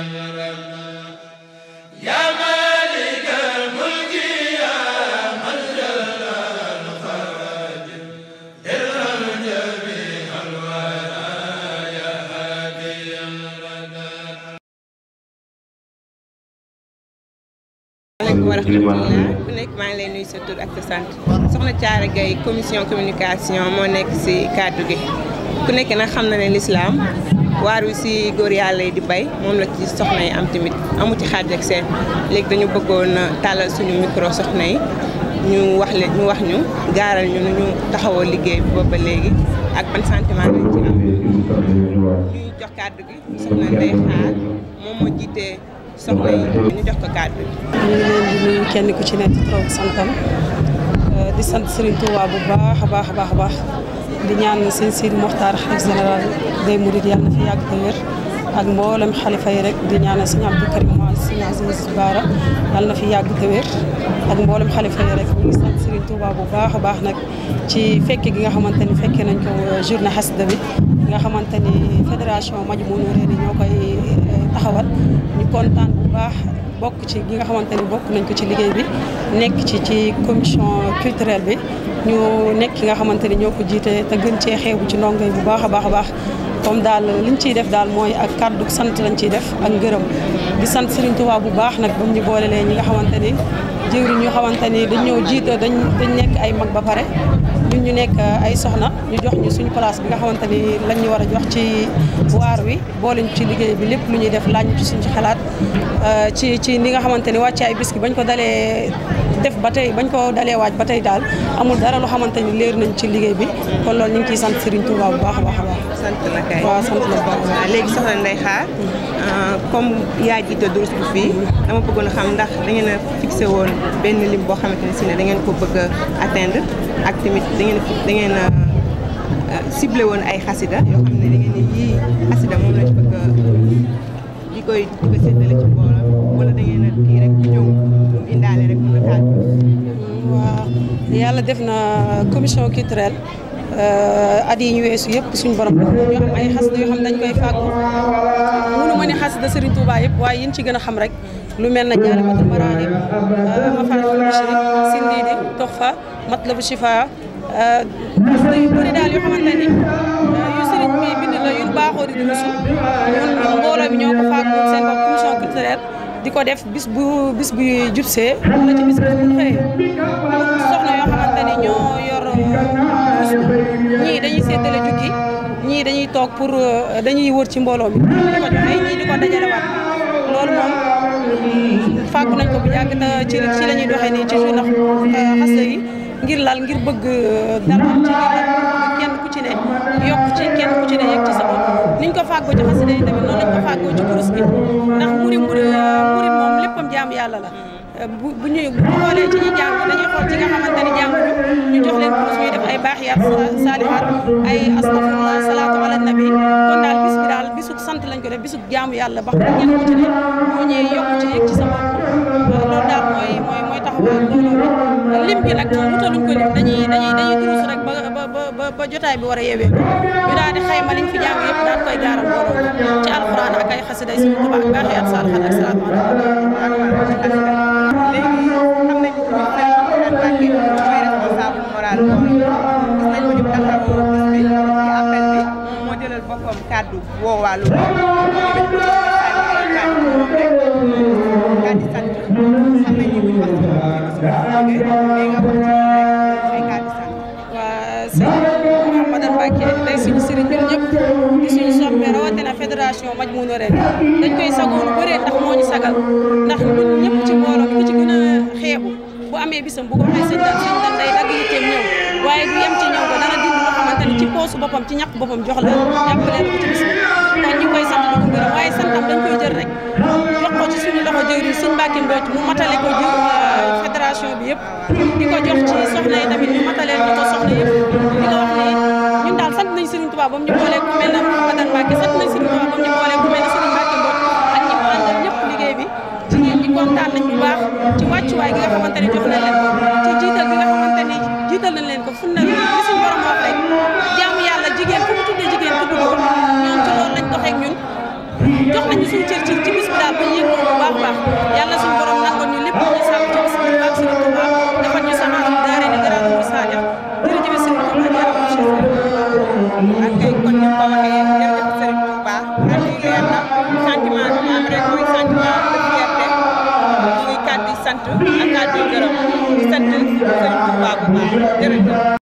ku maa ngi lay nuyu sa tur soxna Thiara Gaye commission communication moo nekk ci kàddu gi ku nekk nag xam na ne lislaam wi si góor yàlla yi di bay moom la ci soxna yi am tamit amu ci xaaj ak seen léegi dañu bëggoon tàllal suñu micro soxna yi ñu wax leen ñu wax ñu gaaral ñu nu ñu taxawoo liggéey bi booba léegi ak ban sentiment lañ ci am ñuy jox kàddu gi soxna Ndeye Xaar soxna yi ñu jox ko kàddu gi. ñu ngi leen di nuyu kenn ku ci nekk trop santam di sant Serigne Touba bu baax a baax a baax a baax. di ñaan sëñ Sidi Mokhtar xalif général day murid yàlla na fi yàgg te wér ak mboolem xalifa yi rek di ñaan sëñ Abdou Karim Wade sëñ Aziz Bara yàlla na fi yàgg te wér ak mboolem xalifa yi rek ñu ngi sant Serigne bu baax a baax nag ci fekke gi nga xamante ni fekkee nañ ko euh, journée xasida bi nga xamante ni fédération Majmahun Nurayni ñoo koy euh, taxawal ñu kontaan bu baax bokk ci gi nga xamante ni bokk nañ ko ci liggéey bi nekk ci ci commission culturelle bi ñu nekk ki nga xamante ni ñoo ko jiite te gën cee xeebu ci ndongo yi bu baax a baax a baax comme daal liñ ciy def daal mooy ak kàddu sant lañ ciy def ak ngërëm di sant Serigne Touba bu baax nag ba mu ñu boolelee ñi nga xamante ni jëwriñ ñu xamante ni dañ ñëw jiite dañ dañ nekk ay mag ba pare ñu ñu nekk euh, ay soxna ñu jox ñu suñu place bi nga xamante ni war a jox ci waar wi boole ñu ci liggéey bi lépp lu ñuy def laaj ñu ci suñu xalaat euh, ci ci ni nga xamante ni wàcce ay bis bañ ko dalee def ba tey bañ ko dalee waaj ba tey daal amul dara loo xamante ni leer nañ ci liggéey bi kon loolu ñu ngi sant Serigne Touba bu baax a baax a baax. sant la kay waaw sant a léegi soxna Ndeye Khar euh, comme yaa jiite durus bu fii dama bëggoon a xam ndax da ngeen a fixé woon benn lim boo xamante ne si ne da ngeen ko bëgg a ak tamit da ngeen da ngeen a euh, woon ay xasida yoo xam ne da ngeen ne xasida moom lañ bëgg a di koy di ko séddale ci mbooloo. yàlla def na commission culturelle euh, at yi ñu weesu yëpp suñu borom ñu am ay xasida yoo xam dañ koy fàggu mënu ma ne xasida Serigne Touba yëpp waaye yéen ci gën a xam rek lu mel na jaale matul maraani euh, mafaatihul bichri sindiidi toxfa matlabu shifa euh, xasida yu bëri daal yoo xamante ni yu Serigne bi bind la yu baaxoo di dund ñun mbooloo bi ñoo ko fàggu seen bopp commission culturelle di ko def bis bu bis bu jubsee ci bis bu xëyee toog pour euh, dañuy wër ci mbooloo mi di ko joxe ñii di ko dajalewaat loolu moom fàggu nañ ko bu yàgg te ci ci la ñuy nii ci suñu euh, xasida yi ngir lal ngir bëgg euh, dara am ci ngir kenn ku ci ne yokk ci kenn ku ci ne yegg ci sa niñ ko fàggoo ci xasida yi tamit noonu lañ ko ndax muri muri moom léppam jaam yàlla la bu ñuy bu xoolee ci ñi jàng dañuy xool ci nga xamante ni jàng ñu jox leen kurus def ay baax yaat saalihaat ay astafurlah salaatu ne bisub jaamu yàlla ba xam ngeen ko ci ne moo ñëwee yokk ci yëg ci sa bopp loolu daal mooy mooy mooy taxawaay loolu lim bi nag wutaluñ ko lim dañuy dañuy dañuy durus rek ba ba ba jotaay bi war a yewee ñu daal di xayma liñ fi jàng yëpp daal koy gaaral borom ci alxuraan ak ay xasida si tuba ak baaxee ak saal xal ak salaat léegi xam nañ ko mooy responsable moral gis nañ ko ñu taxawoo bis bi ci appel bi moo jëlal boppam kàddu woowaalu fédération maj mu rek dañ koy sagoon bëree ndax moo ñu sagal ndax ñun ñëpp ci mbooloo ku ci gën a xeebu bu amee bisam bu ko waxee sëñ dan sëñ dan day dagg yitteem ñëw waaye du yem ci ñëw ko dana dindi loo xamante ni ci poosu boppam ci ñàkk boppam jox la jàppaleen ko ci bis kontaan ñu koy sant di ko gërëm waaye santam dañ koy jël rek jox ko ci suñu loxo jëwriñ sëñ Mbàkke Mbooj mu matale ko jëw euh, fédération bi yëpp di ko jox ci soxna yi tamit ñu mataleel ñu ko soxna yëpp di nga wax ne ñun daal sant nañ Sëriñ Tuubaa ba mu ñu boolee ku mel ne Madan Mbàkke sant nañ Sëriñ Tuubaa ba mu ñu boolee ku mel ne Sëriñ Mbàkke Mbooj ak ñi mu àndal ñëpp liggéey bi jigéen ñi kontaan nañ bu baax ci wàccuwaay gi nga xamante jox na leen sant ak kàddu gërëm di sant Sëriñ Tuubaa bu baax jërëjëf